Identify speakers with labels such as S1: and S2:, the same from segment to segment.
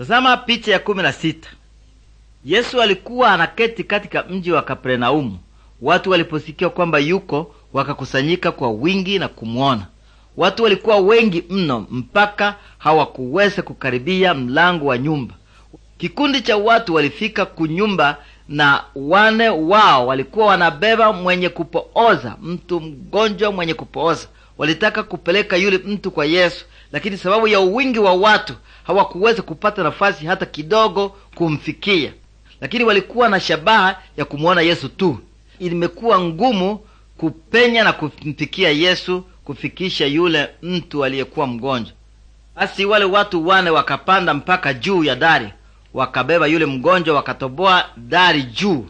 S1: Tazama picha ya kumi na sita. Yesu alikuwa anaketi katika mji wa Kapernaumu. Watu waliposikia kwamba yuko, wakakusanyika kwa wingi na kumwona. Watu walikuwa wengi mno, mpaka hawakuweza kukaribia mlango wa nyumba. Kikundi cha watu walifika kunyumba, na wane wao walikuwa wanabeba mwenye kupooza, mtu mgonjwa mwenye kupooza. Walitaka kupeleka yule mtu kwa Yesu lakini sababu ya uwingi wa watu hawakuweza kupata nafasi hata kidogo kumfikia, lakini walikuwa na shabaha ya kumwona Yesu tu. Imekuwa ngumu kupenya na kumfikia Yesu, kufikisha yule mtu aliyekuwa mgonjwa. Basi wale watu wane wakapanda mpaka juu ya dari, wakabeba yule mgonjwa, wakatoboa dari juu.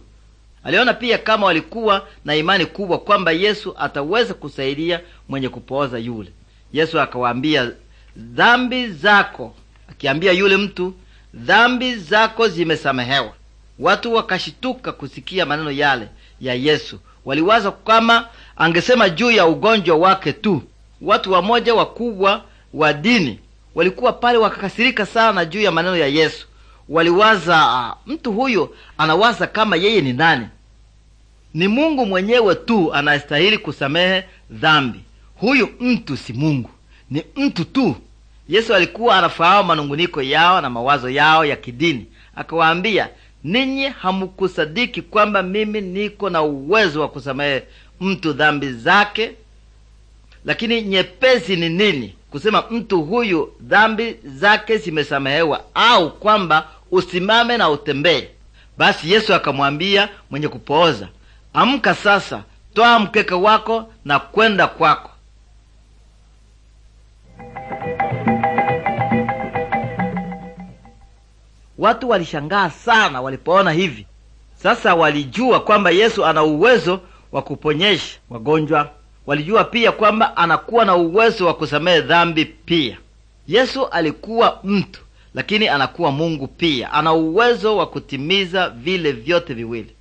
S1: Aliona pia kama walikuwa na imani kubwa kwamba Yesu ataweza kusaidia mwenye kupooza yule. Yesu akawaambia dhambi zako, akiambia yule mtu, dhambi zako zimesamehewa. Watu wakashituka kusikia maneno yale ya Yesu. Waliwaza kama angesema juu ya ugonjwa wake tu. Watu wamoja wakubwa wa dini walikuwa pale, wakakasirika sana juu ya maneno ya Yesu. Waliwaza, mtu huyo anawaza kama yeye ni nani? Ni Mungu mwenyewe tu anastahili kusamehe dhambi. Huyu mtu si Mungu, ni mtu tu. Yesu alikuwa anafahamu manunguniko yao na mawazo yao ya kidini, akawaambia, ninyi hamukusadiki kwamba mimi niko na uwezo wa kusamehe mtu dhambi zake. Lakini nyepesi ni nini kusema mtu huyu dhambi zake zimesamehewa, au kwamba usimame na utembee? Basi Yesu akamwambia mwenye kupooza, amka sasa, twaa mkeka wako na kwenda kwako. Watu walishangaa sana walipoona hivi. Sasa walijua kwamba Yesu ana uwezo wa kuponyesha wagonjwa. Walijua pia kwamba anakuwa na uwezo wa kusamehe dhambi pia. Yesu alikuwa mtu, lakini anakuwa Mungu pia. Ana uwezo wa kutimiza vile vyote viwili.